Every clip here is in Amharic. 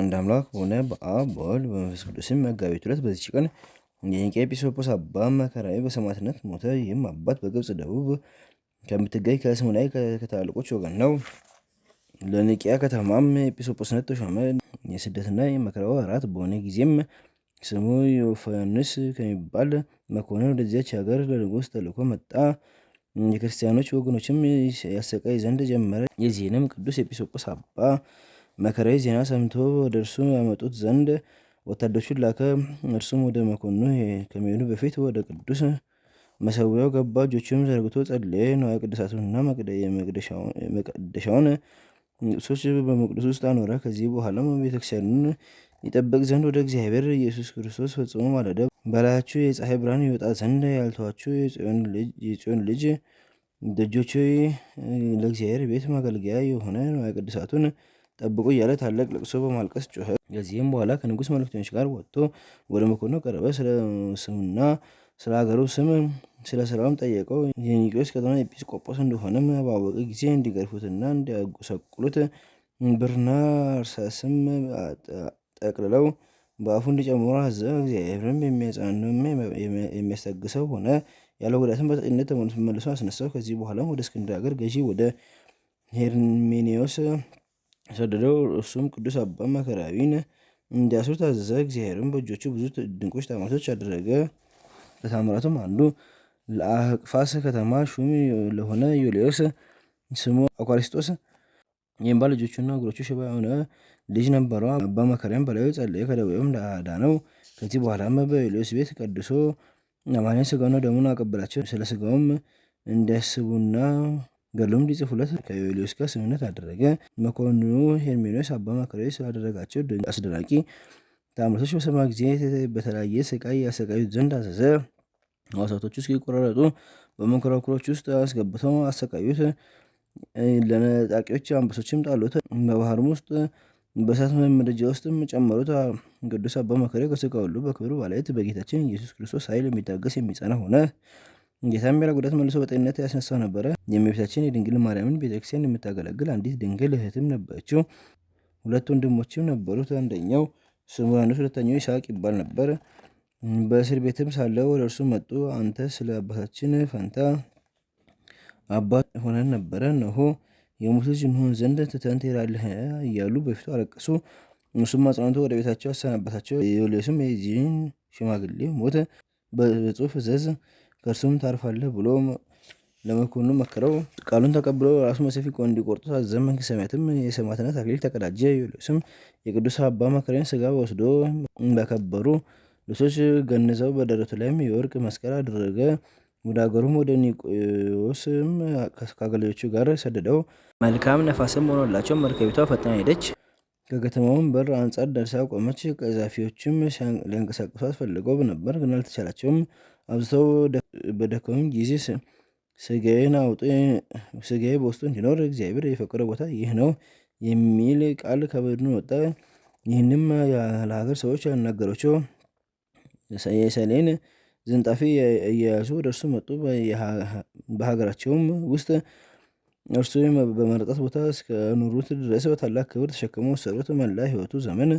አንድ አምላክ በሆነ በአብ በወልድ በመንፈስ ቅዱስ መጋቢት ሁለት በዚች ቀን የኒቄ አባ መከራዊ በሰማዕትነት ሞተ። ይህም አባት በግብፅ ደቡብ ከምትገኝ ላይ ከታላላቆች ወገን ነው። ለኒቂያ ከተማም ኤጲስቆጶስነት ተሾመ። የስደትና የመከራው ወራት በሆነ ጊዜም ስሙ ዮፋንስ ከሚባል መኮንን ወደዚያች ሀገር ለንጉስ ተልኮ መጣ። የክርስቲያኖች ወገኖችም ያሰቃይ ዘንድ ጀመረ። የዚህንም ቅዱስ ኤጲስቆጶስ አባ መከራዊ ዜና ሰምቶ ወደ እርሱ ያመጡት ዘንድ ወታደሮቹን ላከ። እርሱም ወደ መኮንኑ ከመሄዱ በፊት ወደ ቅዱስ መሰዊያው ገባ። እጆቹም ዘርግቶ ጸለየ። ንዋየ ቅድሳቱንና መቀደሻውን ልብሶች በመቅደሱ ውስጥ አኖረ። ከዚህ በኋላም ቤተክርስቲያኑን ይጠበቅ ዘንድ ወደ እግዚአብሔር ኢየሱስ ክርስቶስ ፈጽሞ ማለደ። በላያችሁ የፀሐይ ብርሃን ይወጣ ዘንድ ያልተዋችሁ የጽዮን ልጅ ደጆች ለእግዚአብሔር ቤት ማገልገያ የሆነ ንዋየ ቅድሳቱን ጠብቁ እያለ ታላቅ ለቅሶ በማልቀስ ጮኸ። ከዚህም በኋላ ከንጉሥ መልእክተኞች ጋር ወጥቶ ወደ መኮንኑ ቀረበ። ስለ ስሙና ስለ ሀገሩ ስም ስለ ስራውም ጠየቀው። የኒቄዎስ ከተማ ኤጲስቆጶስ እንደሆነም ባወቀ ጊዜ እንዲገርፉትና እንዲያጎሰቁሉት ብርና እርሳስም ጠቅልለው በአፉ እንዲጨምሩ አዘ። እግዚአብሔርም የሚያጽናናውና የሚያስታግሰው ሆነ። ያለው ጉዳትን በጤንነት ተመልሶ አስነሳው። ከዚህ በኋላም ወደ እስክንድር ሀገር ገዢ ወደ ሄርሜኔዎስ አስወደደው። እርሱም ቅዱስ አባ መከራዊን እንዲያስሩ ታዘዘ። እግዚአብሔርም በእጆቹ ብዙ ድንቆች ታምራቶች አደረገ። ከታምራቱም አንዱ ለአቅፋስ ከተማ ሹም ለሆነ ዮልዮስ ስሙ አኳሪስጦስ የእምባ ልጆቹና እግሮቹ ሽባ የሆነ ልጅ ነበረው። አባ መካርያም በላዩ ጸለየ፣ ከደዌውም ዳነው። ከዚህ በኋላም በዮልዮስ ቤት ቀድሶ አማንያን ስጋውና ደሙን አቀበላቸው። ስለ ስጋውም እንዲያስቡና ገድሎም ሊጽፉለት ከዩልዮስ ጋር ስምምነት አደረገ። መኮንኑ ሄርሜኖስ አባ መካሪዎስ ስላደረጋቸው አስደናቂ ተአምራቶች በሰማ ጊዜ በተለያየ ስቃይ ያሰቃዩት ዘንድ አዘዘ። ሕዋሳቶች ውስጥ ቆራረጡ፣ በመንኮራኩሮች ውስጥ አስገብተው አሰቃዩት። ለነጣቂዎች አንበሶችም ጣሉት፣ በባህርም ውስጥ በእሳት መመደጃ ውስጥም ጨመሩት። ቅዱስ አባ መካሪው ከስጋ ሁሉ በክብር ባለቤት በጌታችን ኢየሱስ ክርስቶስ ኃይል የሚታገስ የሚጸና ሆነ። ጌታም ጉዳት መልሶ በጤንነት ያስነሳው ነበረ። የእመቤታችን የድንግል ማርያምን ቤተክርስቲያን የምታገለግል አንዲት ድንግል እህትም ነበረችው። ሁለት ወንድሞችም ነበሩት። አንደኛው ስሙ ዮሐንስ፣ ሁለተኛው ይስሐቅ ይባል ነበር። በእስር ቤትም ሳለው ወደ እርሱ መጡ። አንተ ስለ አባታችን ፈንታ አባት ሆነን ነበረ፣ እነሆ የሙት ልጅ እንሆን ዘንድ ትተን ትሄዳለህ እያሉ በፊቱ አለቀሱ። እሱም አጽናንቶ ወደ ቤታቸው አሰናበታቸው። ዮልዮስም የዚህን ሽማግሌ ሞት በጽሑፍ እዘዝ ከእርሱም ታርፋለህ ብሎ ለመኮንኑ መከረው። ቃሉን ተቀብሎ ራሱን በሰፊ እንዲቆርጡ ታዘዘ። መንግሥተ ሰማያትም የሰማዕትነት አክሊል ተቀዳጀ። ዮልዮስም የቅዱስ አባ መከሬን ስጋ ወስዶ በከበሩ ልብሶች ገንዘው በደረቱ ላይም የወርቅ መስቀል አደረገ። ወደ አገሩም ወደ ኒቆስም ከአገልጆቹ ጋር ሰደደው። መልካም ነፋስም ሆኖላቸው መርከቢቷ ፈጥና ሄደች። ከከተማውም በር አንጻር ደርሳ ቆመች። ቀዛፊዎችም ሊያንቀሳቅሷት ፈልገው ነበር፣ ግን አልተቻላቸውም። አብዝተው በደከሙኝ ጊዜ ስጋዬን አውጡ፣ ስጋዬ በውስጡ እንዲኖር እግዚአብሔር የፈቀደ ቦታ ይህ ነው የሚል ቃል ከበድኑ ወጣ። ይህንም ለሀገር ሰዎች ያናገሯቸው የሰሌን ዝንጣፊ እየያዙ ወደ እርሱ መጡ። በሀገራቸውም ውስጥ እርሱ በመረጣት ቦታ እስከኖሩት ድረስ በታላቅ ክብር ተሸክሞ ሰሩት። መላ ሕይወቱ ዘመን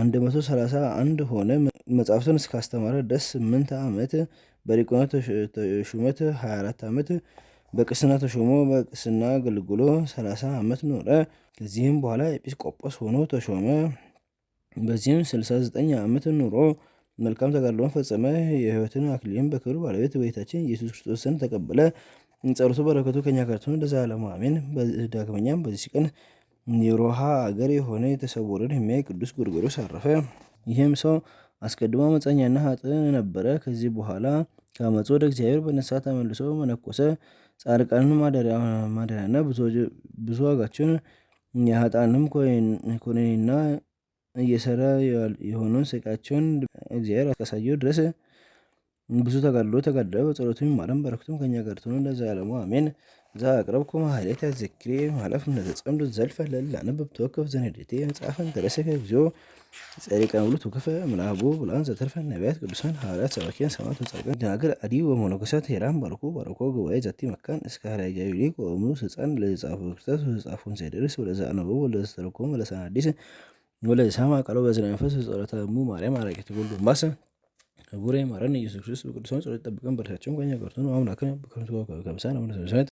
አንድ መቶ ሰላሳ አንድ ሆነ። መጽሐፍትን እስካስተማረ ድረስ ስምንት ዓመት በዲቁና ተሹመት 24 ዓመት በቅስና ተሾሞ በቅስና አገልግሎ 30 ዓመት ኖረ። ከዚህም በኋላ ኤጲስቆጶስ ሆኖ ተሾመ። በዚህም 69 ዓመት ኑሮ መልካም ተጋድሎን ፈጸመ። የሕይወትን አክሊልም በክብር ባለቤት በጌታችን ኢየሱስ ክርስቶስ ተቀበለ። ጸሎቱ በረከቱ ከኛ ጋር ደዛ ለዘላለሙ አሜን። ዳግመኛም በዚህ ቀን የሮሃ አገር የሆነ የተሰወረን የሚያይ ቅዱስ ጎርጎርዮስ አረፈ። ይህም ሰው አስቀድሞ አመፀኛና ኃጥእ ነበረ። ከዚህ በኋላ ከአመፁ ወደ እግዚአብሔር በንስሐ ተመልሶ መነኮሰ። ጻድቃንን ማደሪያና ብዙ ዋጋቸውን የኃጥአንም ኩነኔና እየሰራ የሆነውን ስቃያቸውን እግዚአብሔር እስካሳየው ድረስ ብዙ ተጋድሎ ተጋደ በጸሎቱ ይማረን በረክቱም ከኛ ጋር ትሁን ለዘላለሙ አሜን። ዛ አቅረብኩ ማሕሌተ ያዘክሪ ማለፍ ነተጸምዱ ዘልፈ ለላነ ተወከፍ ዘንዴቴ መጽሐፈን ተረሰከ እግዚኦ ጸሪቀን ብሉ ትክፈ ምናቡ ብላን ዘተርፈ ነቢያት ቅዱሳን ሐዋርያት ሰባኪያን ሰማዕታት ጻድቃን ደናግል አዲ ወመነኮሳት ሄራን ባርኮ ባርኮ ጉባኤ ዘቲ መካን እስከ ሀላይ ጋዩሊ ቆሙ ህፃን ለጻፉ ክርስቶስ ህጻፉን ዘይደርስ ወለዛ አነበቡ ወለዘተረጎሙ ወለሳን አዲስ ወለዛማ ቃሎ በዝነ መንፈስ ጸሎተ እሙ ማርያም አራቂት ሁሉ ማሰ ጉባኤ ማረን ኢየሱስ ክርስቶስ በቅዱሳን ጸሎት ይጠብቀን። በረከታቸውም ከእኛ ጋር ትሁን አሁን ነው በክርስቶስ